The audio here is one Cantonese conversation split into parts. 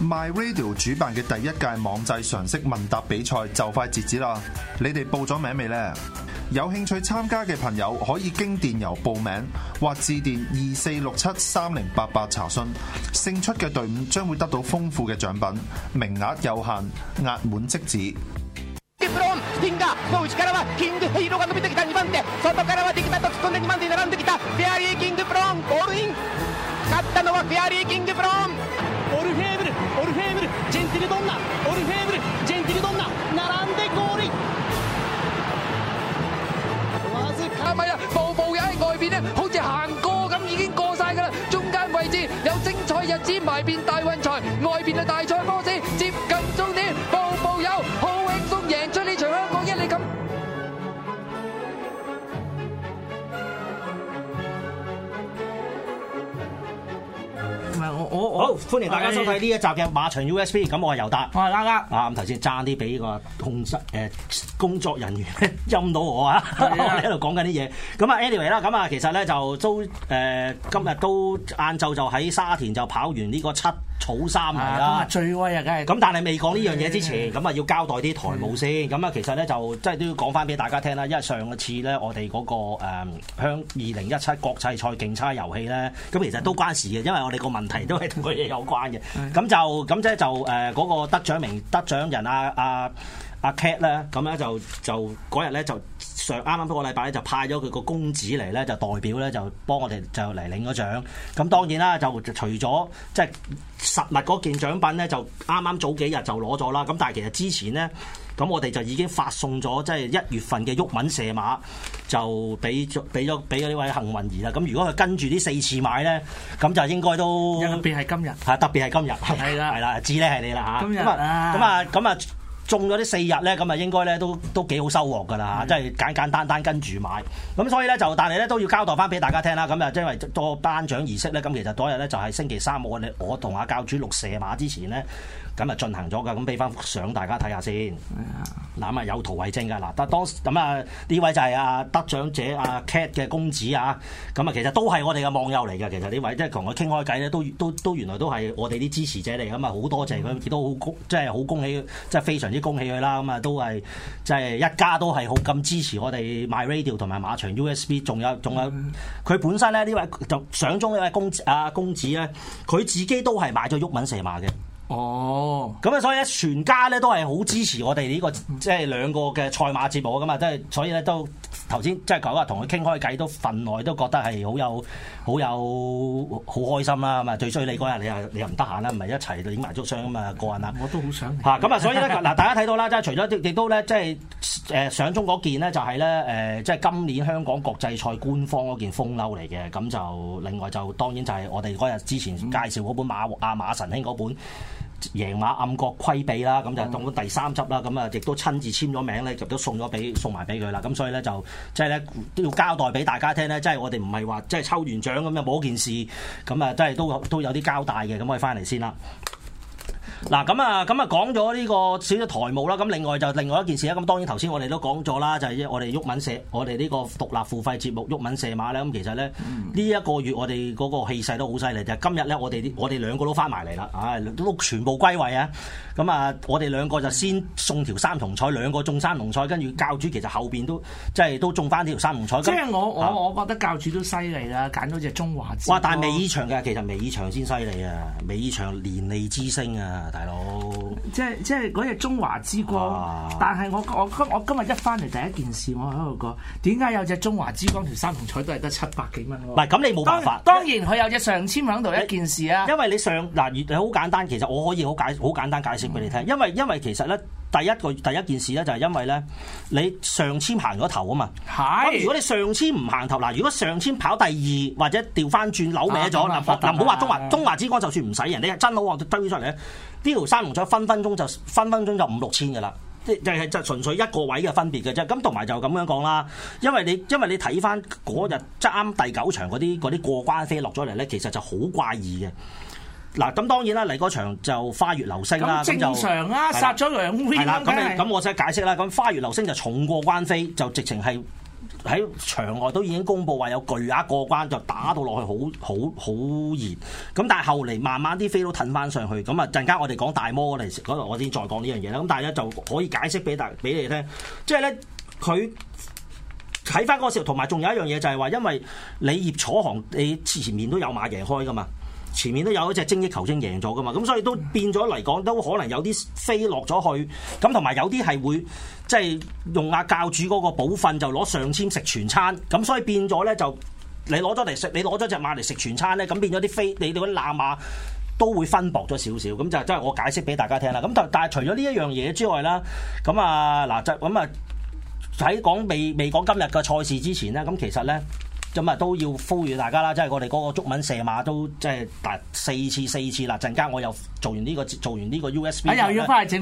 My Radio 主辦嘅第一屆網際常識問答比賽就快截止啦！你哋報咗名未呢？有興趣參加嘅朋友可以經電郵報名或致電二四六七三零八八查詢。勝出嘅隊伍將會得到豐富嘅獎品，名額有限，額滿即止。外邊咧好似行過咁，已經過曬㗎啦。中間位置有精彩日子埋邊大運財，外邊嘅大賽波先。好，歡迎大家收睇呢一集嘅馬場 USB、嗯。咁我係尤達，我係 LakLak。啊，頭先差啲俾個控室誒工作人員，陰到我啊！的 我哋喺度講緊啲嘢。咁、嗯、啊，anyway 啦，咁啊，其實咧就都誒、呃，今日都晏晝就喺沙田就跑完呢個七草三圍啦。啊、最威啊，梗係。咁但係未講呢樣嘢之前，咁啊的要交代啲台務先。咁、嗯、啊，其實咧就即係都要講翻俾大家聽啦。因為上一次咧、那個，我哋嗰個香二零一七國際賽競猜遊戲咧，咁其實都關事嘅，因為我哋個問題都係。 佢嘢有關嘅，咁就咁即就誒嗰個得獎名得獎人啊。阿。阿 Cat 咧，咁咧就就嗰日咧就上啱啱嗰個禮拜咧就派咗佢個公子嚟，咧就代表咧就幫我哋就嚟領咗獎。咁當然啦，就除咗即係實物嗰件獎品咧，就啱啱早幾日就攞咗啦。咁但係其實之前咧，咁我哋就已經發送咗即係一月份嘅毓民射馬，就俾咗俾咗俾咗呢位幸運兒啦。咁如果佢跟住呢四次買咧，咁就應該都特別係今日。嚇，特別係今日係啦係啦，知咧係你啦嚇。今日咁啊咁啊。中咗呢四日咧，咁啊應該咧都都幾好收穫噶啦嚇，的即係簡簡單單跟住買。咁所以咧就但係咧都要交代翻俾大家聽啦。咁啊，因為多頒獎儀式咧，咁其實嗰日咧就係星期三，我哋我同阿教主錄射馬之前咧，咁啊進行咗噶。咁俾翻幅相大家睇下先。嗱，咁的啊有圖為證噶。嗱、啊，但當咁啊呢位就係阿、啊、得獎者阿 Cat、啊、嘅公子啊。咁啊其實都係我哋嘅網友嚟嘅。其實呢位即係同佢傾開偈咧，都都都原來都係我哋啲支持者嚟噶嘛。好多謝佢，亦都好即係好恭喜，即、就、係、是、非常。恭喜佢啦，咁啊都係即係一家都係好咁支持我哋 MyRadio 同埋馬場 USB，仲有仲有佢本身咧，呢位就相中呢位公子啊，公子咧，佢自己都係買咗鬱文四馬嘅。哦，咁啊所以咧全家咧都係好支持我哋呢個即係兩個嘅賽馬節目啊，咁啊即係所以咧都。頭先即係九日同佢傾開偈都份內都覺得係好有好有好開心啦，咁啊最衰你嗰日你又你又唔得閒啦，唔係一齊影埋足相咁啊過人啦！我都好想嚇咁啊， 所以咧嗱，大家睇到啦，即係除咗亦都咧，即係誒上中嗰件呢、就係，就係咧誒，即係今年香港國際賽官方嗰件風褸嚟嘅，咁就另外就當然就係我哋嗰日之前介紹嗰本馬亞馬神兄》嗰本。贏馬暗角規避啦，咁就當咗第三集啦，咁啊亦都親自簽咗名咧，就都送咗俾送埋俾佢啦，咁所以咧就即係咧都要交代俾大家聽咧，即係我哋唔係話即係抽完獎咁又冇一件事，咁啊即係都都有啲交代嘅，咁我哋翻嚟先啦。嗱咁啊，咁啊，講咗呢個少少台務啦。咁、啊、另外就另外一件事咧。咁、啊、當然頭先我哋都講咗啦，就係、是、我哋鬱文社，我哋呢個獨立付費節目鬱文社馬咧。咁、啊、其實咧，呢一、嗯、個月我哋嗰個氣勢都好犀利。就今日咧，我哋我哋兩個都翻埋嚟啦，啊都全部歸位啊。咁啊，我哋兩個就先送條三重彩，兩個中三重彩，跟住教主其實後邊都即係都中翻條三重彩。即係我我、啊、我覺得教主都犀利啦，揀到隻中華字。哇、啊！但係尾場嘅其實尾場先犀利啊，尾場連利之星啊。大佬，即係即係嗰隻中華之光，啊、但係我我，我今我今日一翻嚟第一件事我，我喺度講，點解有隻中華之光條三重彩都係得七百幾蚊，啊？唔係咁，你冇辦法。當然佢有隻上千響度一件事啊。因為你上嗱，好、啊、簡單，其實我可以好解好簡單解釋俾你聽。因為因為其實咧。第一個第一件事咧，就係因為咧，你上千行咗頭啊嘛。咁是如果你上千唔行頭，嗱，如果上千跑第二或者掉翻轉扭歪咗啦，唔、啊、好話中華、啊、中華中華之光就算唔使人，你真好望追出嚟呢條山龍再分分鐘就分分鐘就五六千噶啦，即係就，就純粹一個位嘅分別嘅啫。咁同埋就咁樣講啦，因為你因為你睇翻嗰日即啱第九場嗰啲啲過關飛落咗嚟咧，其實就好怪異嘅。嗱，咁當然啦，嚟嗰場就花月流星啦，就正常啦、啊，就殺咗兩飛啦。咁的你咁我先解釋啦。咁花月流星就重過關飛，就直情係喺場外都已經公佈話有巨額過關，就打到落去好好好熱。咁但係後嚟慢慢啲飛都騰翻上去。咁啊陣間我哋講大摩嚟嗰度，我先再講呢樣嘢啦。咁但係咧就可以解釋俾大俾你聽，即係咧佢睇翻嗰個時候，同埋仲有一樣嘢就係話，因為你葉楚航你前面都有馬贏開㗎嘛。前面都有一隻精益求精贏咗㗎嘛，咁所以都變咗嚟講，都可能有啲飛落咗去，咁同埋有啲係會即係、就是、用阿教主嗰個保訓就攞上千食全餐，咁所以變咗咧就你攞咗嚟食，你攞咗隻馬嚟食全餐咧，咁變咗啲飛，你哋嗰啲冷馬都會分薄咗少少，咁就即係我解釋俾大家聽啦。咁但但係除咗呢一樣嘢之外啦，咁啊嗱就咁啊喺講未未講今日嘅賽事之前咧，咁其實咧。咁啊都要呼籲大家啦，即係我哋嗰個中文射馬都即係大四次四次啦！陣間我又做完呢、呢個做完呢個 USB，咁我又要翻去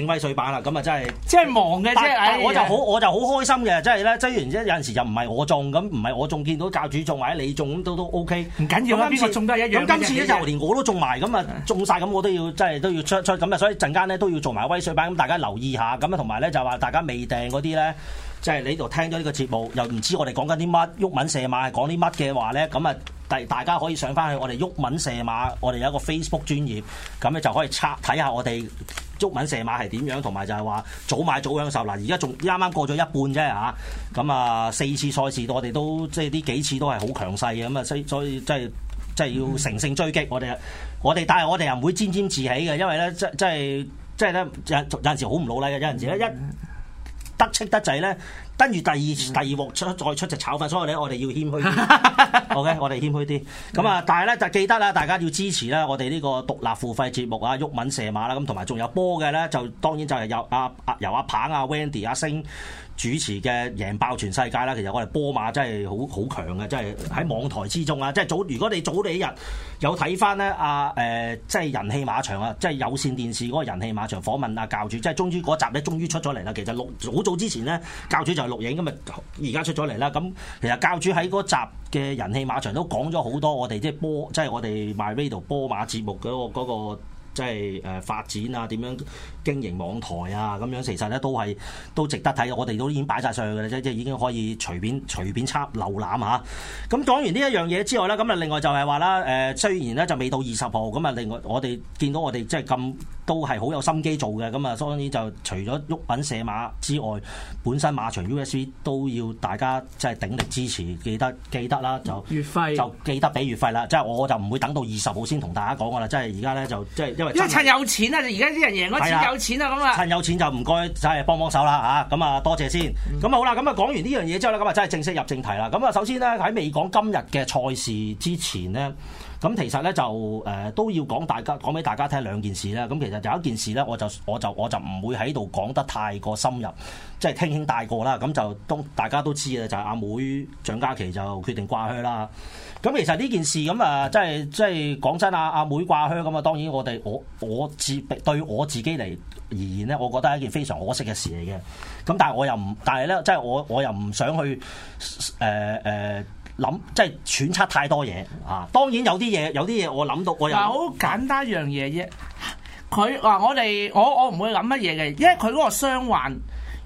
整威水版啦！咁啊真係，即係忙嘅，即係但、哎、呀 我就好我就好開心嘅，即係咧，即係然之後有陣時就唔係我種，咁唔係我種，見到教主種或者你種都都 OK，唔緊要啦。咁今次咧就已連我都種埋，咁啊種晒。咁的我要 都要即係都要出出咁啊！所以陣間咧都要做埋威水版。咁大家留意下咁啊，同埋咧就話大家未訂嗰啲咧。即係你度聽咗呢個節目，又唔知我哋講緊啲乜，毓民射馬係講啲乜嘅話咧？咁啊，大大家可以上翻去我哋毓民射馬，我哋有一個 Facebook 專頁，咁咧就可以察睇下我哋毓民射馬係點樣，同埋就係話早買早享受。嗱，而家仲啱啱過咗一半啫嚇，咁啊四次賽事我哋都即係呢幾次都係好強勢嘅，咁啊所所以，所以即係即係要乘勝追擊我。我哋我哋但係我哋又唔會沾沾自喜嘅，因為咧即即係即係咧有陣時好唔努力嘅，有陣時咧一。一得戚得滯咧，跟住第二第二鑊出再出就炒粉，所以咧我哋要謙虛啲。OK，我哋謙虛啲。咁啊，但係咧就記得啦，大家要支持啦，我哋呢個獨立付費節目啊，毓民射馬啦，咁同埋仲有波嘅咧，就當然就係由阿、啊、由阿、啊、棒阿、啊、Wendy 阿、啊、星。主持嘅贏爆全世界啦！其實我哋波馬真係好好強嘅，真係喺網台之中啊！即係早，如果你早你一日有睇翻咧，阿誒、啊呃、即係人氣馬場啊，即係有線電視嗰個人氣馬場訪問啊，教主即係終於嗰集咧，終於出咗嚟啦！其實錄好早之前咧，教主就係錄影咁嘛，而家出咗嚟啦。咁其實教主喺嗰集嘅人氣馬場都講咗好多我哋即係波，即係我哋 MyRadio 波馬節目嗰、嗰個、嗰個、即係誒發展啊，點樣？經營網台啊，咁樣其實咧都係都值得睇，我哋都已經擺晒上去嘅啦，即係已經可以隨便隨便插瀏覽吓。咁講完呢一樣嘢之外咧，咁啊另外就係話啦，誒雖然咧就未到二十號，咁啊另外我哋見到我哋即係咁都係好有心機做嘅，咁啊所以就除咗沃品射馬之外，本身馬場 USB 都要大家即係鼎力支持，記得記得啦，就月費就記得俾月費啦，即係我就唔會等到二十號先同大家講噶啦，即係而家咧就即係因為一趁有錢啦、啊，而家啲人贏咗錢有錢啦咁啊，趁有錢就唔該，真係幫幫手啦嚇，咁啊多謝先，咁啊、嗯、好啦，咁啊講完呢樣嘢之後咧，咁啊真係正式入正題啦。咁啊，首先咧喺未講今日嘅賽事之前咧。咁其實咧就誒、呃、都要講大家講俾大家聽兩件事啦。咁其實有一件事咧，我就我就我就唔會喺度講得太過深入，即係輕輕帶過啦。咁就都大家都知嘅，就係、是、阿妹蔣嘉琦就決定掛靴啦。咁其實呢件事咁啊、呃，即係即係講真啊，阿妹掛靴咁啊，當然我哋我我自對我自己嚟而言咧，我覺得係一件非常可惜嘅事嚟嘅。咁但係我又唔，但係咧，即係我我又唔想去誒誒。呃呃呃諗即係揣測太多嘢啊！當然有啲嘢，有啲嘢我諗到我又好 簡單一樣嘢啫。佢嗱、啊、我哋我我唔會諗乜嘢嘅，因為佢嗰個傷患，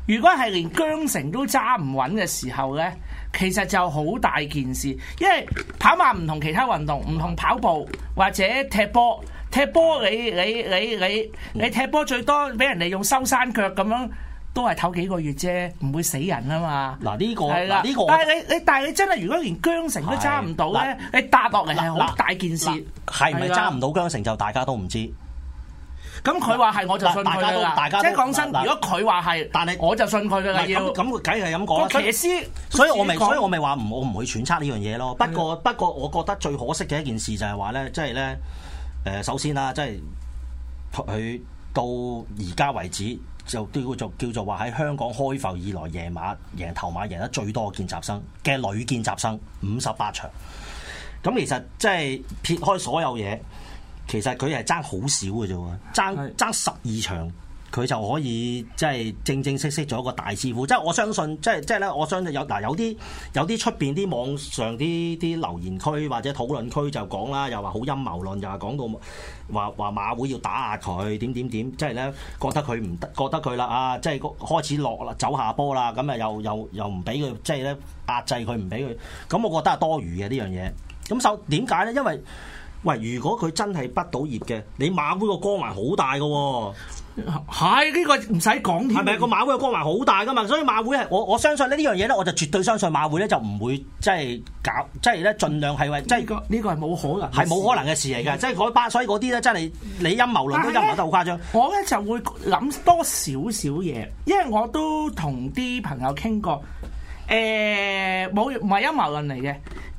如果係連韁繩都揸唔穩嘅時候咧，其實就好大件事。因為跑馬唔同其他運動，唔 同跑步或者踢波，踢波你你你你你踢波最多俾人哋用收山腳咁樣。都係唞幾個月啫，唔會死人啊嘛！嗱，呢個，但係你你但係你真係如果連韁繩都揸唔到咧，你搭落嚟係好大件事。係唔係揸唔到韁繩，就大家都唔知？咁佢話係我就信佢啦。大家都即係講真，如果佢話係，但係我就信佢嘅啦。咁咁梗計係咁講啦。騎師，所以我咪所以我咪話唔我唔會揣測呢樣嘢咯。不過不過，我覺得最可惜嘅一件事就係話咧，即係咧，誒，首先啦，即係佢到而家為止。就叫做叫做話喺香港開埠以來，夜晚贏頭馬贏得最多嘅見習生嘅女見習生五十八場，咁其實即係撇開所有嘢，其實佢係爭好少嘅啫，爭爭十二場。佢就可以即係正正式式做一個大師傅，即係我相信，即係即係咧，我相信有嗱有啲有啲出邊啲網上啲啲留言區或者討論區就講啦，又話好陰謀論，又話講到話話馬會要打壓佢點點點，即係咧覺得佢唔得，覺得佢啦啊，即係個開始落啦走下坡啦，咁啊又又又唔俾佢即係咧壓制佢，唔俾佢，咁我覺得係多餘嘅呢樣嘢。咁就點解咧？因為喂，如果佢真係不倒業嘅，你馬會個光環好大嘅喎，哦。係呢個唔使講，係咪個馬會嘅光環好大噶嘛？所以馬會係我我相信咧呢樣嘢咧，我就絕對相信馬會咧就唔會即係、就是、搞，即係咧盡量係為即係呢個呢個係冇可能，係冇可能嘅事嚟嘅。即係嗰班，所以嗰啲咧真係你陰謀論都陰謀得好誇張。我咧就會諗多少少嘢，因為我都同啲朋友傾過。誒，冇唔係陰謀論嚟嘅，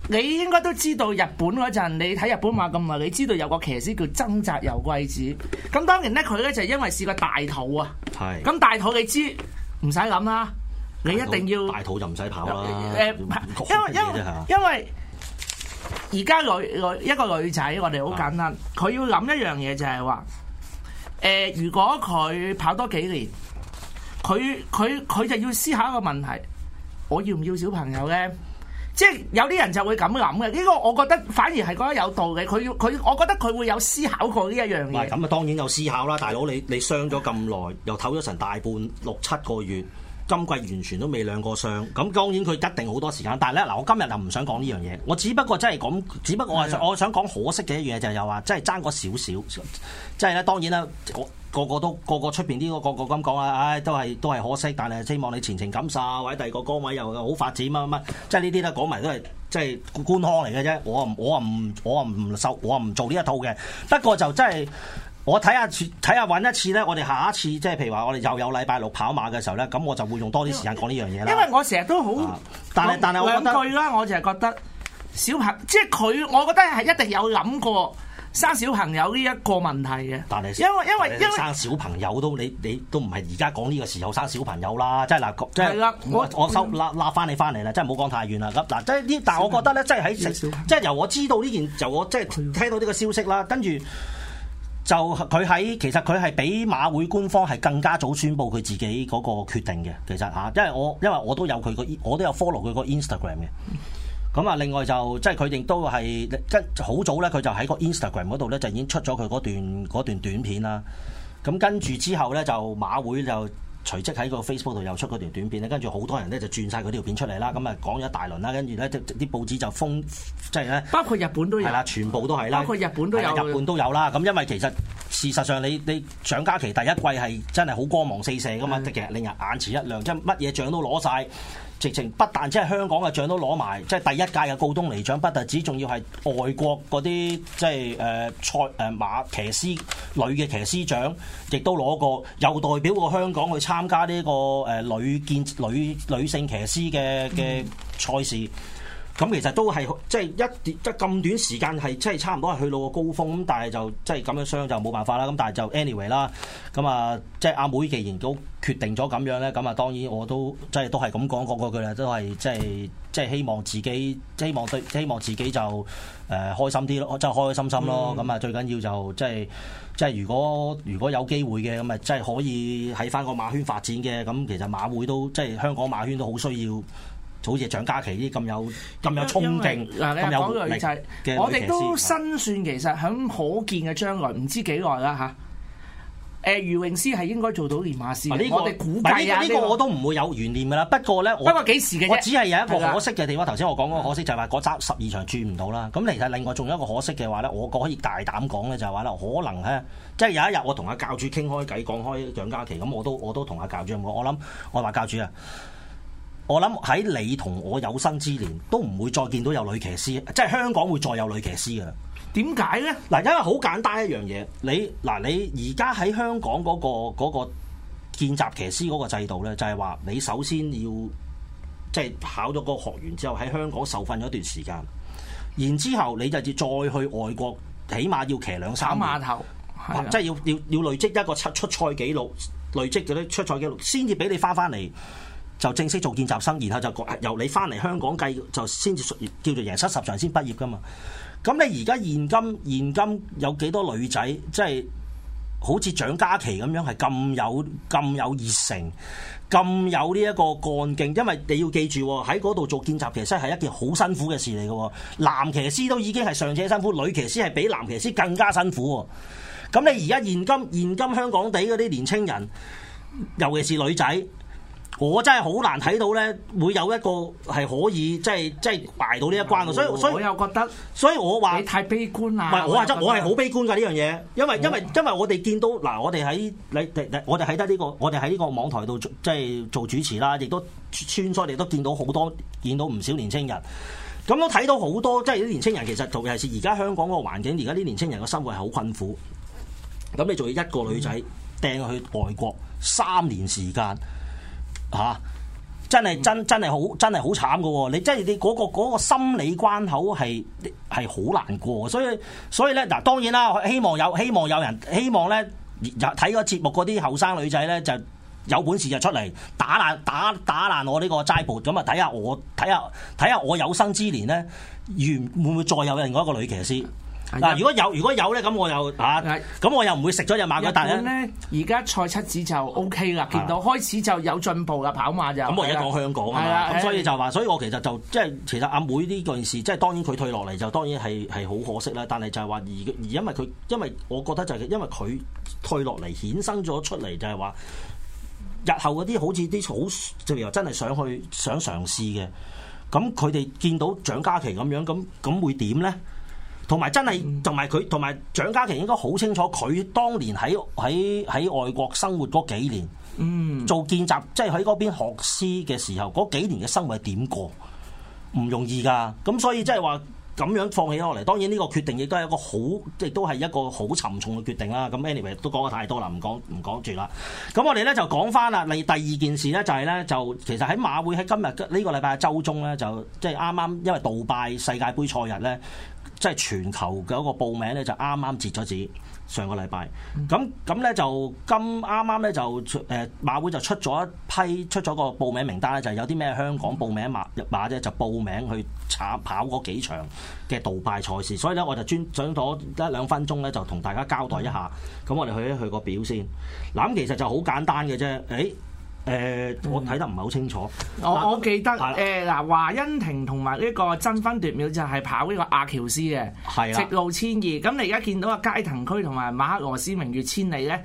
你應該都知道日本嗰陣，你睇日本馬咁耐，你知道有個騎師叫增澤由貴子。咁當然咧，佢咧就因為試過大肚啊。係。咁大肚，是大肚你知唔使諗啦，你一定要。大肚，大肚就唔使跑啦。誒、欸不，因為因為因為而家女女一個女仔，我哋好簡單，佢是要諗一樣嘢就係話，誒、呃，如果佢跑多幾年，佢佢佢就要思考一個問題。我要唔要小朋友呢？即係有啲人就會咁諗嘅，呢個我覺得反而係覺得有道理。佢佢，我覺得佢會有思考過呢一樣嘢。咁啊，當然有思考啦，大佬，你你傷咗咁耐，又唞咗成大半六七個月。今季完全都未亮過相，咁當然佢一定好多時間。但係咧嗱，我今日就唔想講呢樣嘢，我只不過真係講，只不過我我想講可惜嘅一樣嘢就係又話，真係爭過少少，即係咧當然啦，個個都個個出邊啲個個咁講啦，唉，都係都係可惜，但係希望你前程錦繡或者第二個崗位又好發展乜乜，即係、就是、呢啲咧講埋都係即係官腔嚟嘅啫。我我我唔我唔受我唔做呢一套嘅，不過就真係。我睇下，睇下揾一次咧。我哋下一次，即係譬如話，我哋又有禮拜六跑馬嘅時候咧，咁我就會用多啲時間講呢樣嘢啦。因為我成日都好、啊，但係但係，我兩句啦，我就係覺得小朋友，即係佢，我覺得係一定有諗過生小朋友呢一個問題嘅。但你因為因為因為生小朋友都你你都唔係而家講呢個時候生小朋友啦，即係嗱，即係我我收拉拉翻你翻嚟啦，真係唔好講太遠啦。咁嗱，即係啲，但係我覺得咧，即係喺即係由我知道呢件，由我即係聽到呢個消息啦，跟住。就佢喺其實佢係比馬會官方係更加早宣佈佢自己嗰個決定嘅，其實嚇，因為我因為我都有佢個我都有 follow 佢個 Instagram 嘅。咁啊，另外就即係佢亦都係即係好早咧，佢就喺個 Instagram 嗰度咧就已經出咗佢嗰段嗰段短片啦。咁跟住之後咧，就馬會就。隨即喺個 Facebook 度又出嗰條短片咧，跟住好多人咧就轉晒佢條片出嚟啦，咁啊講咗一大輪啦，跟住咧啲報紙就封，即係咧包括日本都有，全部都係啦，包括日本都有，日本都有啦。咁因為其實事實上你你蔣嘉琪第一季係真係好光芒四射噶嘛，的其實令人眼前一亮，即係乜嘢獎都攞晒。直情不但即係香港嘅獎都攞埋，即係第一屆嘅告東尼獎，不單止，仲要係外國嗰啲即係誒賽誒馬騎師女嘅騎師獎，亦都攞過，又代表過香港去參加呢、這個誒、呃、女健女女性騎師嘅嘅賽事。嗯嗯。咁其實都係即係一跌即咁短時間係即係差唔多係去到個高峰，咁但係就即係咁樣傷就冇辦法啦。咁但係就 anyway 啦。咁啊，即係阿妹既然都決定咗咁樣咧，咁啊當然我都即係都係咁講講嗰句啦，都係即係即係希望自己即係希望對希望自己就誒開心啲咯，即係開開心心咯。咁啊、嗯、最緊要就、即係即係如果如果有機會嘅咁啊，即係可以喺翻個馬圈發展嘅。咁其實馬會都即係香港馬圈都好需要。好似蔣嘉琦呢啲咁有咁為有衝勁，咁為有活力嘅。我哋都身算，其實喺可見嘅將來，唔知幾耐啦嚇。誒、啊，余泳師係應該做到練馬師，不我哋估計呢、啊這個、這個這個、我都唔會有懸念噶啦。不過呢，不過幾時嘅？我只係有一個可惜嘅地方。頭先吧我講嗰個可惜就係話嗰執十二場轉唔到啦。咁其實另外仲有一個可惜嘅話呢，我個可以大膽講咧就係話啦，可能咧，即係有一日我同阿教主傾開偈，講開蔣嘉琦咁，我都我都同阿教主講，我諗我話教主啊。我諗喺你同我有生之年都唔會再見到有女騎師，即係香港會再有女騎師嘅啦。點解呢？嗱，因為好簡單一樣嘢，你嗱你而家喺香港嗰個嗰個見習騎師嗰個制度，呢就係話，你首先要即係考咗個學員之後喺香港受訓咗段時間，然之後你就要再去外國，起碼要騎兩三碼頭，即係要要要累積一個出出賽紀錄，累積嗰啲出賽紀錄，先至俾你翻翻嚟。就正式做見習生，然後就由你翻嚟香港計，就先至叫做贏七十場先畢業噶嘛。咁你而家現今現今有幾多女仔，即係好似蔣嘉琦咁樣，係咁有咁有熱誠，咁有呢一個幹勁。因為你要記住喺嗰度做見習其實係一件好辛苦嘅事嚟嘅，男騎師都已經係尚且辛苦，女騎師係比男騎師更加辛苦，哦。咁你而家現今現今香港地嗰啲年青人，尤其是女仔。我真係好難睇到咧，會有一個係可以即係即係捱到呢一關嘅，嗯、所以所以我又覺得，所以我話你太悲觀啦。唔係我係我係好悲觀嘅呢樣嘢，因為因為因為我哋見到嗱，我哋喺你我哋喺得呢個我哋喺呢個網台度即係做主持啦，亦都穿梭，亦都見到好多見到唔少年青人。咁我睇到好多即係啲年青人，其實尤其是而家香港個環境，而家啲年青人個生活係好困苦。咁你仲要一個女仔掟去外國三年時間。吓、啊！真係真真係好真係好慘噶、哦，你真係你嗰、嗰個、嗰個心理關口係係好難過，所以所以咧嗱，當然啦，希望有希望有人希望咧睇個節目嗰啲後生女仔咧就有本事就出嚟打爛打打爛我呢個齋缽咁啊睇下我睇下睇下我有生之年咧，原會唔會再有另外一個女騎師？嗱，如果有如果有咧，咁我又的啊，咁我又唔會食咗隻馬，呢但係是咧，而家賽七子就 O K 啦，的見到開始就有進步啦，跑馬就。咁的我而家講香港啊嘛，咁的所以就話的，所以我其實就即係其實阿妹呢件事，即係當然佢退落嚟就當然係係好可惜啦。但係就係話而而因為佢，因為我覺得就係因為佢退落嚟衍生咗出嚟，就係話日後嗰啲好似啲好即係又真係想去想嘗試嘅，咁佢哋見到蔣嘉琪咁樣，咁咁會點咧？同埋真係，同埋佢，同埋蔣家琪應該好清楚，佢當年喺喺喺外國生活嗰幾年，嗯，做見習，即係喺嗰邊學師嘅時候，嗰幾年嘅生活係點過，唔容易噶。咁所以即係話咁樣放棄落嚟。當然呢個決定亦都係一個好，即係都係一個好沉重嘅決定啦。咁 anyway 都講咗太多啦，唔講唔講住啦。咁我哋咧就講翻啦。嚟第二件事呢，就係呢，就其實喺馬會喺今日呢個禮拜週中呢，就即係啱啱因為杜拜世界盃賽日呢。即係全球嘅一個報名咧，就啱啱截咗止上個禮拜。咁咁咧就今啱啱咧就誒馬會就出咗一批出咗個報名名單咧，就有啲咩香港報名馬入馬啫，就報名去跑跑嗰幾場嘅杜拜賽事。所以咧，我就專上咗一兩分鐘咧，就同大家交代一下。咁我哋去一去個表先。嗱，咁其實就好簡單嘅啫。誒、欸。誒、呃，我睇得唔係好清楚。我我記得誒，嗱是，華欣、呃、庭同埋呢個爭分奪秒就係跑呢個阿喬斯嘅，是的 直路千二。咁你而家見到阿佳騰區同埋馬克羅斯明月千里咧，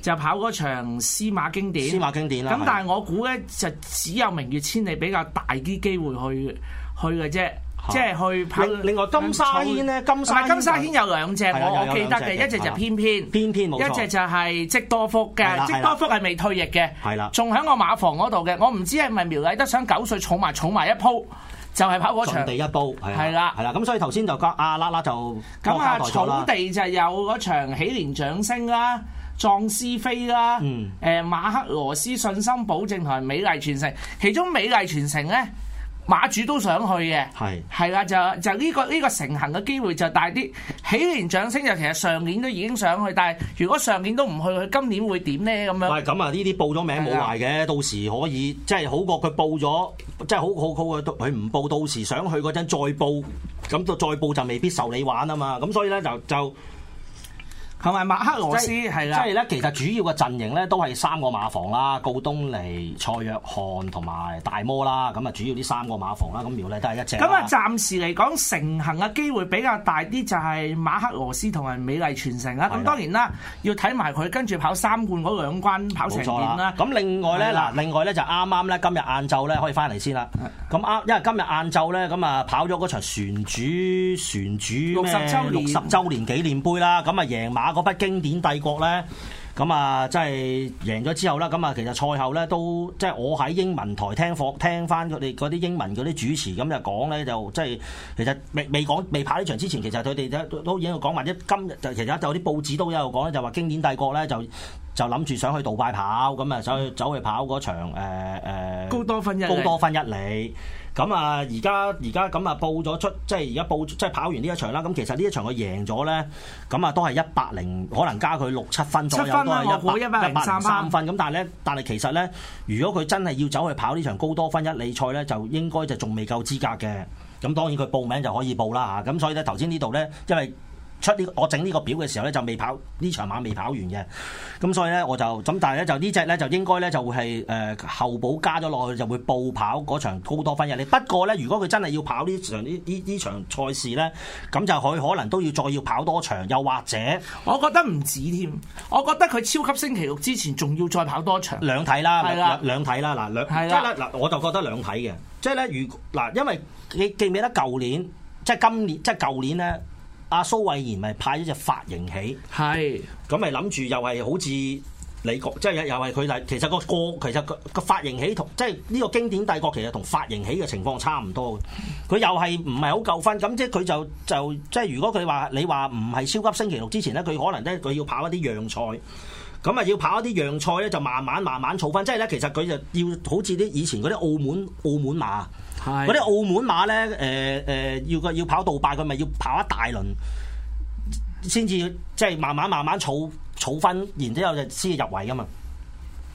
就跑嗰場司馬經典。司馬經典啦。咁但係我估咧，就只有明月千里比較大啲機會去去嘅啫。即係去拍另外金沙嫣咧，金沙嫣金沙嫣有兩隻，我我記得嘅一隻就偏偏，一隻就係積多福嘅，積多福係未退役嘅，係啦，仲喺我馬房嗰度嘅，我唔知係咪苗禮德想九歲儲埋儲埋一鋪，就係跑嗰場草地一鋪，係啦，係啦，咁所以頭先就講阿啦啦就咁啊，草地就有嗰場喜蓮掌聲啦，壯思飛啦，誒馬克羅斯信心保證同埋美麗傳承，其中美麗傳承咧。馬主都想去嘅，係係啦，就就呢個呢個成行嘅機會就大啲。喜蓮獎星就其實上年都已經上去，但係如果上年都唔去，佢今年會點咧？咁樣喂，咁啊！呢啲報咗名冇壞嘅，是的 到時可以即係好過佢報咗，即係好好好嘅。佢唔報到時想去嗰陣再報，咁就再報就未必受你玩啊嘛。咁所以咧就就。就同埋馬克羅斯係啦，即係是咧，其實的主要嘅陣型咧都係三個馬房啦，告東尼、蔡約翰同埋大摩啦，咁啊，主要呢三個馬房啦，咁苗咧都係一隻。咁啊、嗯，嗯、暫時嚟講，成行嘅機會比較大啲，就係馬克羅斯同埋美麗傳承啦。咁的當然啦，要睇埋佢跟住跑三冠嗰兩關、啊、跑成點啦。咁、啊、另外咧嗱，的另外咧的就啱啱咧今日晏晝咧可以翻嚟先啦。咁啱，因為今日晏晝咧咁啊跑咗嗰場船主船主六十週六十週年紀念杯啦，咁啊贏馬。嗰匹經典帝國咧，咁啊，真係贏咗之後啦，咁啊，其實賽後咧都即係、就是、我喺英文台聽課，聽翻佢哋嗰啲英文嗰啲主持咁就講咧，就即、就、係、是、其實未未講未跑呢場之前，其實佢哋都都已經講，或者今日就其實有啲報紙都一路講咧，就話經典帝國咧就。就諗住想去杜拜跑，咁啊走去走去跑嗰場誒、呃、高多分一高多分一裏，咁啊而家而家咁啊報咗出，即係而家報即係、就是、跑完呢一場啦。咁其實呢一場佢贏咗咧，咁啊都係一百零，可能加佢六七分左右都係一百一百零三分。咁但係咧，但係其實咧，如果佢真係要走去跑呢場高多分一理賽咧，就應該就仲未夠資格嘅。咁當然佢報名就可以報啦嚇。咁所以咧頭先呢度咧，因為。出、這個、呢，我整呢個表嘅時候咧就未跑呢場馬未跑完嘅，咁所以咧我就咁，但係咧就呢隻咧就應該咧就會係誒、呃、後補加咗落去，就會補跑嗰場高多分嘅。不過咧，如果佢真係要跑場場賽事呢場呢呢呢場賽事咧，咁就佢可能都要再要跑多場，又或者我覺得唔止添，我覺得佢超級星期六之前仲要再跑多場兩睇啦，係啦兩睇啦嗱兩，係啦，嗱了、就是、我就覺得兩睇嘅，即係咧如嗱，因為你記唔記得舊年即係、就是、今年即係舊年咧？阿蘇慧賢咪派咗隻發型起，係咁咪諗住又係好似你國，即係又又係佢就其實、嗰個其實嗰個發型起同即係呢個經典帝國其實同發型起嘅情況差唔多嘅，佢又係唔係好夠分咁，即係佢就就即係如果佢話你話唔係超級星期六之前咧，佢可能咧佢要跑一啲讓賽。咁啊，要跑一啲樣賽咧，就慢慢慢慢儲翻，即係咧，其實佢就要好似啲以前嗰啲澳門澳門馬，嗰啲是的 澳門馬咧，誒、呃、誒，要、呃、佢要跑杜拜，佢咪要跑一大輪，先至即係慢慢慢慢儲儲翻，然之後就先至入圍噶嘛。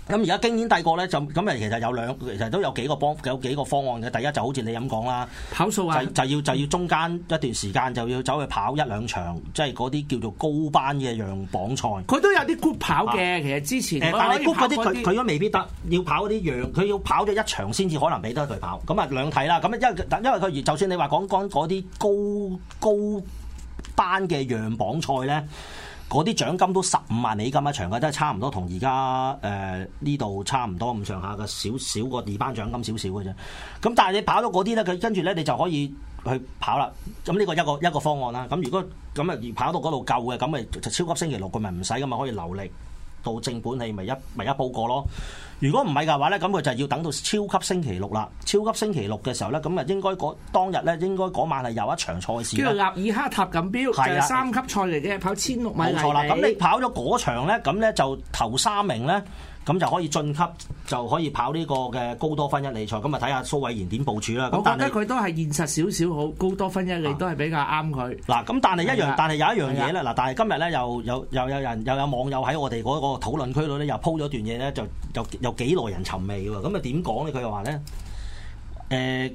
咁而家經典帝國咧就咁誒，其實有兩，其實都有幾個方有幾個方案嘅。第一就好似你咁講啦，跑數啊，就，就要就要中間一段時間就要走去跑一兩場，即係嗰啲叫做高班嘅讓磅賽。佢都有啲 group 跑嘅，啊、其實之前但係 group 嗰啲佢都未必得，要跑嗰啲樣，佢要跑咗一場先至可能俾得佢跑。咁啊兩睇啦，咁因為因為佢就算你話講講嗰啲高高班嘅讓磅賽咧。嗰啲獎金都十五萬美金一場嘅，真係差唔多同而家誒呢度差唔多咁上下嘅，少少個二班獎金少少嘅啫。咁但係你跑到嗰啲咧，佢跟住咧，你就可以去跑啦。咁呢個一個一個方案啦。咁如果咁啊跑到嗰度夠嘅，咁咪就超級星期六，佢咪唔使咁咪可以留力到正本，你咪一咪一鋪過咯。如果唔係嘅話咧，咁佢就要等到超級星期六啦。超級星期六嘅時候咧，咁啊應該嗰當日咧，應該嗰晚係有一場賽事。叫做納爾哈塔錦標，啊、就係三級賽嚟嘅，跑千六米。冇錯啦，咁你跑咗嗰場咧，咁咧就頭三名咧。咁就可以晉級，就可以跑呢個嘅高多分一厘賽。咁啊睇下蘇偉賢點部署啦。我覺得佢都係現實少少好，高多分一厘都係比較啱佢。嗱、啊，咁但係一樣，的但係有一樣嘢啦。嗱的，但係今日咧，又又又有人又有網友喺我哋嗰個討論區度咧，又鋪咗段嘢咧，就又又幾耐人尋味嘅。咁啊點講咧？佢又話咧，誒，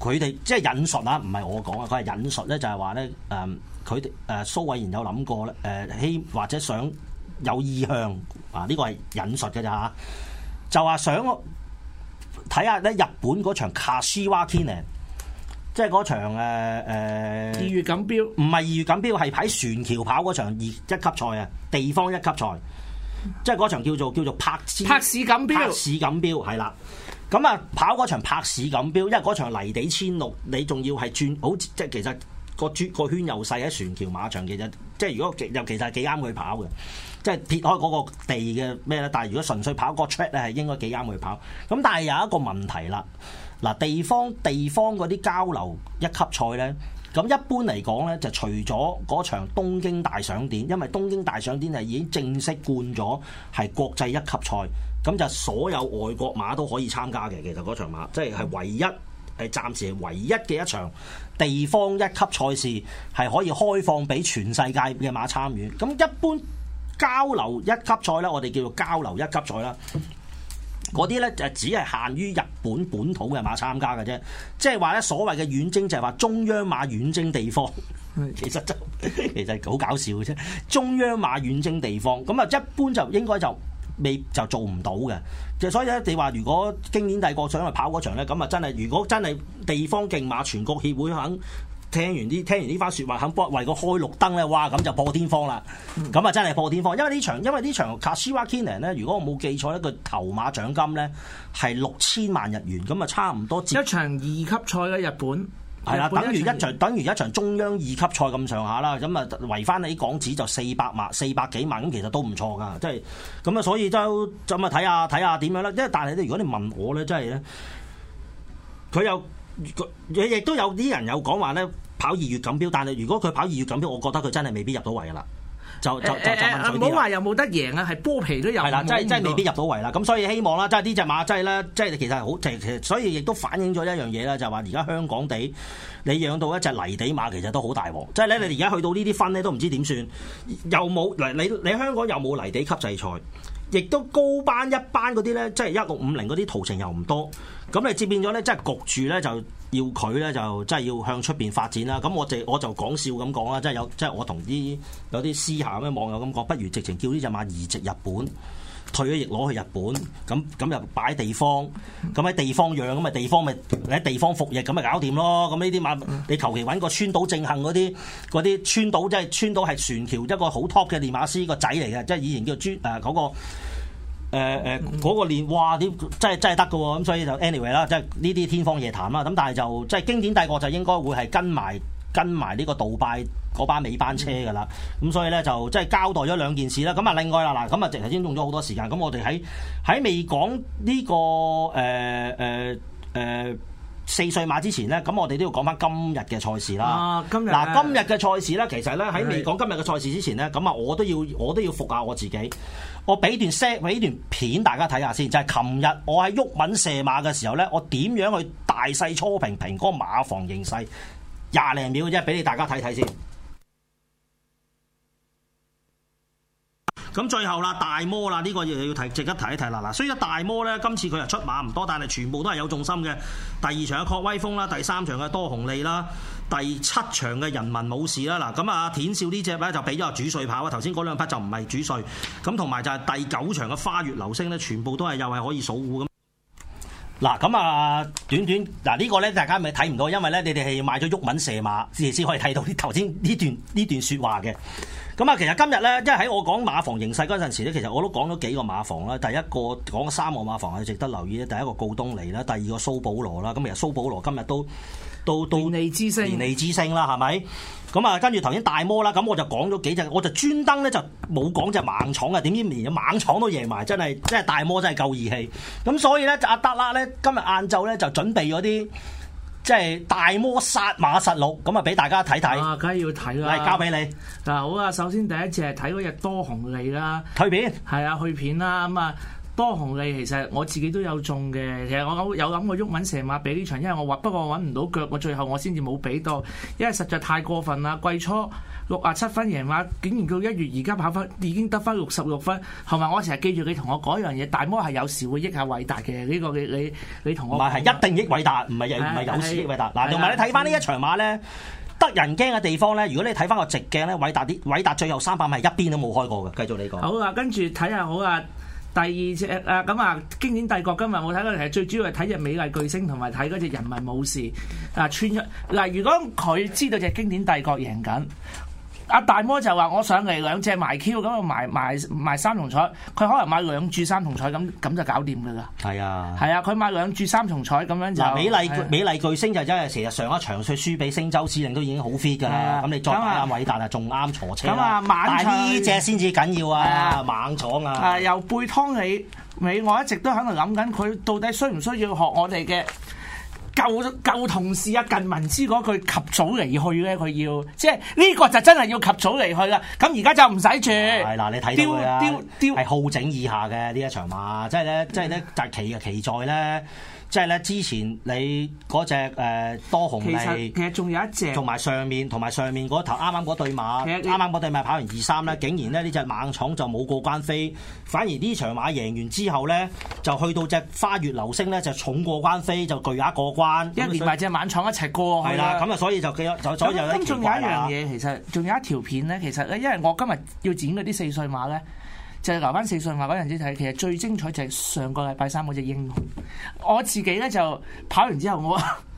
佢哋即係引述啊，唔係我講啊，佢係引述咧，就係話咧，誒，佢哋誒蘇偉賢有諗過咧，誒希或者想。有意向啊！呢個係引述嘅咋、啊，就話、是、想睇下咧，日本嗰場卡斯瓦基尼，即係嗰場誒、啊呃、二月錦標，唔係二月錦標，係喺船橋跑嗰場二一級賽啊，地方一級賽，即係嗰場叫做叫做柏千柏市錦標，柏市錦標係啦。咁啊，跑嗰場柏市錦標，因為嗰場泥地千六，你仲要係轉好，即係其實個轉圈又細，喺船橋馬場其，其實即係如果又其實幾啱佢跑嘅。就是即係撇開嗰個地嘅咩咧，但係如果純粹跑個 track 咧，係應該幾啱去跑。咁但係有一個問題啦，嗱地方地方嗰啲交流一級賽呢，咁一般嚟講呢，就除咗嗰場東京大賞典，因為東京大賞典係已經正式冠咗係國際一級賽，咁就所有外國馬都可以參加嘅。其實嗰場馬即係唯一，係暫時係唯一嘅一場地方一級賽事係可以開放俾全世界嘅馬參與。咁一般，交流一級賽啦，我哋叫做交流一級賽啦。嗰啲咧就只係限於日本本土嘅馬參加嘅啫。即係話咧，所謂嘅遠征就係話中央馬遠征地方，其實就其實係好搞笑嘅啫。中央馬遠征地方，咁啊一般就應該就未就做唔到嘅。就所以咧，你話如果經典帝國想去跑嗰場咧，咁啊真係如果真係地方競馬，全國協會肯。聽完啲聽完呢番説話，肯幫為佢開綠燈咧，哇！咁就破天荒啦，咁啊、嗯、真係破天荒。因為呢場，因為呢場卡斯瓦肯尼咧，如果我冇記錯，一個頭馬獎金咧係六千萬日元，咁啊差唔多一場二級賽嘅，日本係啦，的等於一場等於一場中央二級賽咁上下啦，咁啊圍翻你港紙就四百萬、四百幾萬，咁其實都唔錯噶，即係咁啊，所以就咁啊睇下睇下點樣啦。因為但係如果你問我咧，即係咧，佢又。亦都有啲人有講話咧，跑二月錦標，但係如果佢跑二月錦標，我覺得佢真係未，未必入到位噶啦，就就就就，唔好話又冇得贏啊，係波皮都有。係啦，真係真係未必入到位啦。咁所以希望啦，即係呢隻馬，真係咧，即係其實係好，其實所以亦都反映咗一樣嘢啦，就係話而家香港地，你養到一隻泥地馬，其實都好大鑊。即係咧，你而家去到呢啲分咧，都唔知點算，又冇嗱你你香港又冇泥地級制賽，亦都高班一班嗰啲咧，即係一六五零嗰啲途程又唔多。咁你接變咗咧，即係焗住咧，就要佢咧，就即係要向出邊發展啦。咁我就我就講笑咁講啦，即係有即係我同啲有啲私下咁嘅網友咁講，不如直情叫呢隻馬移籍日本，退咗役攞去日本，咁咁又擺地方，咁喺地方養，咁咪地方咪喺地方服役，咁咪搞掂咯。咁呢啲馬，你求其揾個川島正行嗰啲嗰啲川島，即係川島係船橋一個好 top 嘅練馬師個仔嚟嘅，即係以前叫朱誒、呃嗰個誒誒嗰個年，哇！點真係真係得嘅喎，咁所以就 anyway 啦，即係呢啲天方夜譚啦。咁但係就即係經典帝國就應該會係跟埋跟埋呢個杜拜嗰班尾班車嘅啦。咁、嗯、所以咧就即係交代咗兩件事啦。咁啊，另外啦嗱，咁啊，直頭先用咗好多時間。咁我哋喺喺未講呢、呢個誒誒誒。呃呃呃四歲馬之前呢，咁我哋都要講翻今日嘅賽事啦。嗱、啊，今日嘅賽事呢，其實呢，喺未講今日嘅賽事之前呢，咁啊，我都要我都要覆下我自己，我俾段 set 俾段片大家睇下先，就係琴日我喺毓民射馬嘅時候呢，我點樣去大細初平平嗰個馬房形勢，廿零秒啫，俾你大家睇睇先。咁最後啦，大摩啦，呢個要要提值得提一提啦嗱。雖然大摩呢今次佢又出馬唔多，但係全部都係有重心嘅。第二場嘅確威風啦，第三場嘅多紅利啦，第七場嘅人民武士啦嗱。咁啊，恬笑呢隻咧就俾咗個主帥跑啊。頭先兩匹就唔係主帥，咁同埋就係第九場嘅花月流星咧，全部都係又係可以數糊咁。嗱咁啊，短短嗱、啊這個、呢個咧，大家咪睇唔到，因為咧，你哋係買咗鬱文射馬，先至可以睇到呢，頭先呢段呢段説話嘅。咁、嗯、啊，其實今日咧，因為喺我講馬房形勢嗰陣時咧，其實我都講咗幾個馬房啦。第一個講三個馬房係值得留意咧，第一個告東尼啦，第二個蘇保羅啦。咁其實蘇保羅今日都。道道到到連利之星啦，係咪？咁 啊，跟住頭先大摩啦，咁我就講咗幾隻，我就專登咧就冇講隻猛廠啊！點知連猛廠都贏埋，真係真係，大摩真係夠義氣。咁所以咧，就阿德啦咧，今日晏晝咧就準備咗啲即係大摩殺馬實錄，咁啊俾大家睇睇。啊，梗係要睇啦，係交俾你嗱、啊。好啊，首先第一次係睇嗰隻多雄利啦，退片係啊，去片啦咁啊。嗯多紅利其實我自己都有中嘅，其實我有諗過鬱文成馬畀呢場，因為我話不過揾唔到腳，我最後我先至冇畀到，因為實在太過分啦！季初六啊七分贏馬，竟然到一月而家跑翻，已經得翻六十六分。同埋我成日記住你同我講一樣嘢，大摩係有時會益下偉達嘅呢、呢個你你同我唔係一定益偉達，唔係唔係有時益偉達。嗱、啊，同埋、啊、你睇翻呢一場馬咧，得人驚嘅地方咧，如果你睇翻個直鏡咧，偉達啲偉達最後三百米一邊都冇開過嘅。繼續你講好啊，跟住睇下好啊。第二隻啊，咁啊經典帝國今日冇睇到，其實最主要係睇隻美麗巨星同埋睇嗰隻人民武士啊穿出。嗱、啊，如果佢知道隻經典帝國贏緊。阿大摩就話：我上嚟兩隻埋 Q，咁就埋埋埋，埋三重彩。佢可能買兩注三重彩，咁咁就搞掂㗎啦。係啊，係啊，佢買兩注三重彩咁樣就。就美麗、啊、美麗巨星就真係成日上一場，佢輸俾星州司令都已經好 fit 㗎啦。咁你再睇下偉達啊，仲啱坐、啊、坐車。咁啊，猛！呢隻先至緊要啊，猛闖啊！啊，又、啊、背湯你，你我一直都喺度諗緊，佢到底需唔需要學我哋嘅？舊舊同事啊，近民師嗰佢及早離去咧，佢要即係呢個就真係要及早離去啦。咁而家就唔使住。係嗱，你睇到啦，係好整以下嘅呢一場馬，即係咧，即係咧，就係奇啊奇在咧。即係咧，之前你嗰隻誒多雄利其，其實仲有一隻，同埋上面同埋上面嗰頭啱啱嗰對馬，啱啱嗰對馬跑完二三咧，竟然咧呢隻猛廠就冇過關飛，反而呢場馬贏完之後咧，就去到隻花月流星咧就重過關飛，就巨額過關，連隻一連埋隻猛廠一齊過係啦。咁啊以，所以就咁，就就那所以又一奇怪啦。咁仲有一樣嘢，其實仲有一條片咧，其實咧，因為我今日要剪嗰啲四歲馬咧。就係留返四信話俾人知，就係其實最精彩就係上個禮拜三嗰隻英雄。我自己咧，就跑完之後我。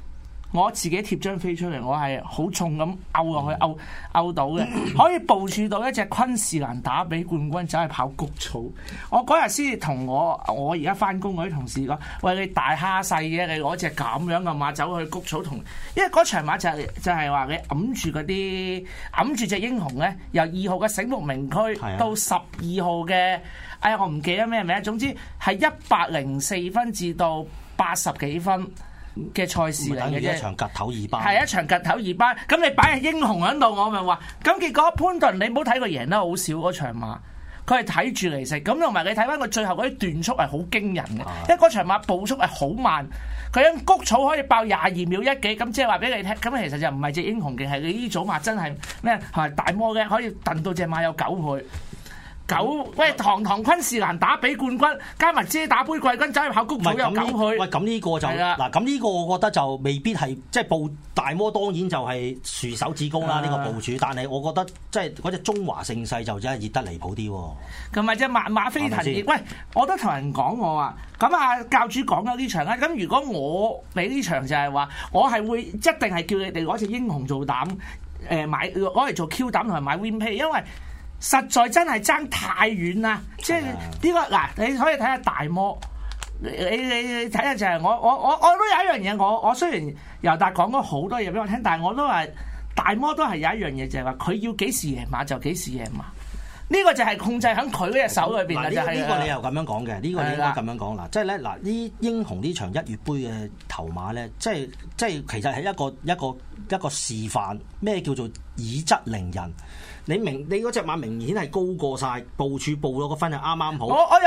我自己貼張飛出嚟，我係好重咁摳落去摳摳到嘅，可以部署到一隻昆士蘭打吡冠軍走去跑谷草。我嗰日先同我我而家返工嗰啲同事講，喂，你大蝦細嘅，你攞隻咁樣嘅馬走去谷草同。因為嗰場馬就係、就係、係、話你揞住嗰啲揞住隻英雄咧，由二號嘅醒目名區到十二號嘅，哎呀我唔記得咩名，總之係一百零四分至到八十幾分。嘅賽事嚟嘅，係一場夾頭二班。係一場夾頭二班，咁你擺隻英雄喺度，我咪話，咁結果潘頓你唔好睇佢贏得好少嗰場馬，佢係睇住嚟食。咁同埋你睇翻佢最後嗰啲段速係好驚人嘅，的因為嗰場馬步速係好慢，佢喺谷草可以爆廿二秒一幾，咁即係話俾你聽，咁其實就唔係隻英雄嘅，係你呢組馬真係咩係大摩咧，可以掟到隻馬有九倍。喂，堂堂昆士蘭打比冠軍，加埋遮打杯冠軍，走入後宮都有感去。喂，咁呢個就嗱，咁呢的個我覺得就未必係即係暴大摩，當然就係豎手指公啦。呢的個部署，但係我覺得即係嗰隻中華盛世就真係熱得離譜啲。咁咪隻馬馬飛騰熱。的喂，我都同人講我啊。咁啊教主講咗呢場啦。咁如果我俾呢場就係話，我係會一定係叫你哋攞隻英雄做膽，誒買攞嚟做 Q 膽同埋買 win pay，因為，實在真係爭太遠啦！的即係呢、這個嗱，你可以睇下大摩，你你睇下就係我我我我都有一樣嘢，我我雖然尤達講咗好多嘢俾我聽，但係我都話大摩，都係有一樣嘢，就係話佢要幾時贏馬就幾時贏馬，呢、這個就係控制喺佢嗰隻手裏邊。呢個你又咁樣講嘅，呢、這個你應該咁樣講嗱，的即係咧嗱，呢英雄呢場一月杯嘅頭馬咧，即係即係其實係一個一個一個，一個示範咩叫做以質凌人。你明，你嗰隻馬明顯係高過晒，部署部咗個分就啱啱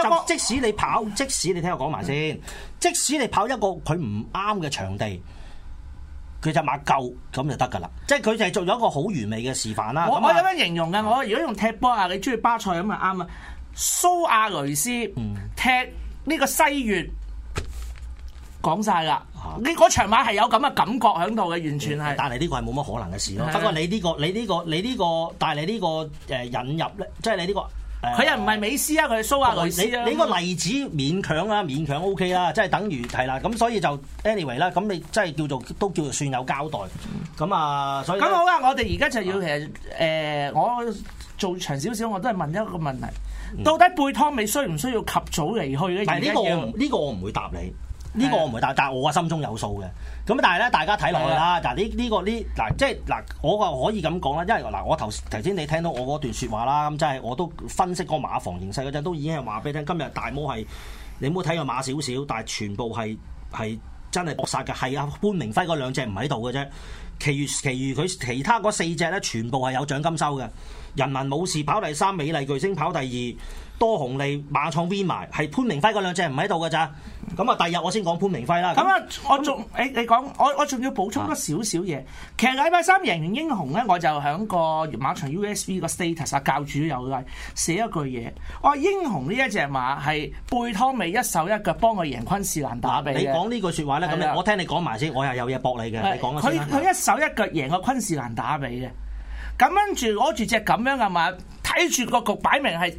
好。即使你跑，即使你聽我講埋先，嗯、即使你跑一個佢唔啱嘅場地，佢隻馬夠咁就得噶啦。即係佢就係做咗一個好完美嘅示範啦。我樣、啊、我咁樣形容嘅。是我如果用踢波啊，你中意巴塞咁就啱啊。蘇亞雷斯踢呢個西月，講晒啦。你嗰場馬係有咁嘅感覺喺度嘅，完全係。但係呢個係冇乜可能嘅事咯。不過是、啊、你呢、這個、你呢、這個、你呢、這個，但係你呢個誒引入咧，即、就、係、是、你呢、這個，佢又唔係美斯啊，佢係蘇亞雷斯啊。你呢個例子勉強啦，勉強 O K 啦， 即係等於係啦。咁、啊、所以就 anyway 啦，咁你即係叫做都叫做算有交代。咁啊，所以咁好啦、啊，我哋而家就要其實誒、呃，我做長少少，我都係問一個問題：到底貝湯美需唔需要及早離去咧？而家、這個、要呢個我唔會答你。呢個我唔會，但但係我啊心中有數嘅。咁但係咧，大家睇落去啦。嗱是的、這個，呢、這、呢個呢嗱，即係嗱，我啊可以咁講啦，因為嗱，我頭頭先你聽到我嗰段説話啦，咁即係我都分析嗰個馬房形勢嗰陣，都已經係話俾你聽，今日大摩係你唔好睇佢馬少少，但係全部係係真係搏殺嘅。係啊，潘明輝嗰兩隻唔喺度嘅啫，其餘其餘佢其他嗰四隻咧，全部係有獎金收嘅。人民武士跑第三，美麗巨星跑第二。多紅利馬倉 V 埋，係潘明輝嗰兩隻唔喺度嘅咋咁啊！第日我先講潘明輝啦。咁啊那，我仲誒你講我我仲要補充多少少嘢。其實禮拜三贏完英雄咧，我就響個馬場 USB 個 status 啊，教主都有啦，寫一句嘢。我話英雄呢一隻馬係背拖尾一手一腳幫佢贏昆士蘭打吡嘅。你講呢句説話咧，咁的我聽你講埋先，我又有嘢博你嘅。的你講一佢佢一手一腳贏個昆士蘭打吡嘅，咁跟住攞住隻咁樣嘅馬，睇住個局擺明係。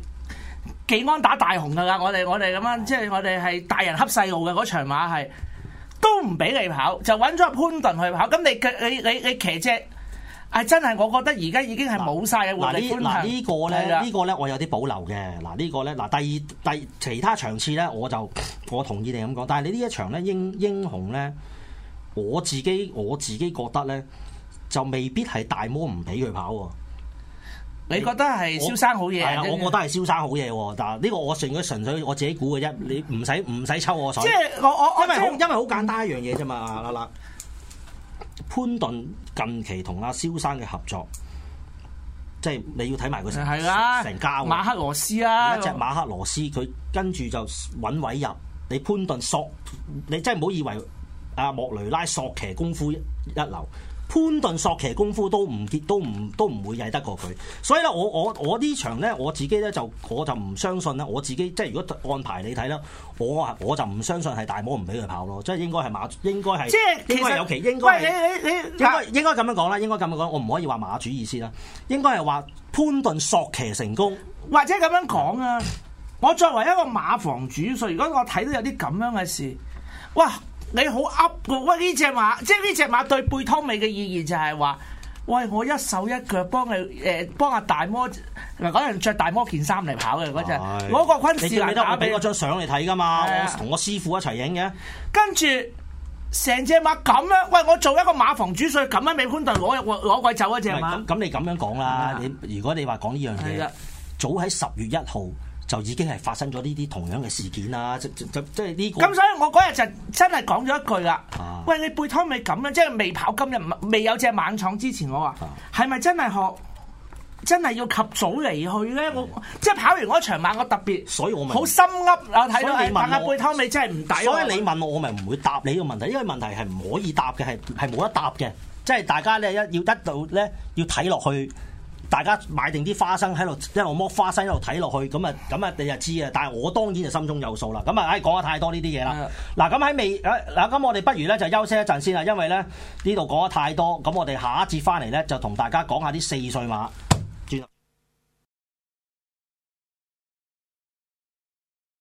幾安打大紅㗎啦！我哋我哋咁樣，即係我哋係大人恰細路嘅嗰場馬係，都唔俾你跑，就揾咗阿潘頓去跑。咁你你你你騎姐係、啊、真係，我覺得而家已經係冇晒嘅活力。嗱、啊啊呢個、呢嗱是的 呢咧，呢個咧，我有啲保留嘅。嗱、啊呢個、呢個咧，嗱、啊、第二第二其他場次咧，我就我同意你咁講。但係你呢一場咧，英英雄咧，我自己我自己覺得咧，就未必係大摩唔俾佢跑喎。你覺得係蕭生好嘢？係 啊，我覺得係蕭生好嘢喎。但係呢個我純粹純粹我自己估嘅啫，你唔使唔使抽我手。即係我我因為好即是 因為好簡單一樣嘢啫嘛，嗱嗱潘頓近期同阿蕭生嘅合作，即係你要睇埋佢成係啦，成的家馬克羅斯啊，一隻馬克羅斯佢跟住就揾位入，你潘頓索你真係唔好以為阿莫雷拉索騎功夫一流。潘頓索騎功夫都唔結都唔都唔會曳得過佢，所以咧我我我場呢場咧我自己咧就我就唔相信啦，我自己，我我自己即係如果安排你睇啦，我我就唔相信係大摩唔俾佢跑咯，即係應該係馬應該係即係應該有其應該你你你應該應該咁樣講啦，應該咁樣講，我唔可以話馬主意思啦，應該係話潘頓索騎成功，或者咁樣講啊， 我作為一個馬房主，所以如果我睇到有啲咁樣嘅事，哇！你好噏嘅，喂呢隻馬，即係呢隻馬對背湯尾嘅意義就係話，喂我一手一腳幫你，誒幫阿大摩，嗱嗰陣着大摩件衫嚟跑嘅嗰陣，攞的個昆士蘭跑，俾我張相嚟睇噶嘛，同的我，我師傅一齊影嘅，跟住成隻馬咁樣，喂我做一個馬房主帥咁樣未寬待，我攞鬼走啊隻馬，咁你咁樣講啦，的你如果你話講呢樣嘢，的的早喺十月一號。就已經係發生咗呢啲同樣嘅事件啦，即即即係呢個。咁所以，我嗰日就真係講咗一句啦。啊、喂，你背湯尾咁樣，即係未跑今日未有隻猛廠之前我，我話係咪真係學真係要及早離去咧？我的即係跑完嗰場馬，我特別，所以我咪好心噏啊！睇到你問下背湯尾真係唔抵。所以你問我，我咪唔會答你呢個問題，因為問題係唔可以答嘅，係係冇得答嘅。即係大家咧一要得到咧，要睇落去。大家買定啲花生喺度，一路剝花生，一路睇落去，咁啊，咁啊，你就知啊。但係我當然就心中有數啦。咁啊，唉，講咗太多呢啲嘢啦。嗱，咁喺未？嗱、啊，咁我哋不如咧就休息一陣先啦，因為咧呢度講咗太多。咁我哋下一節翻嚟咧就同大家講下啲四歲馬。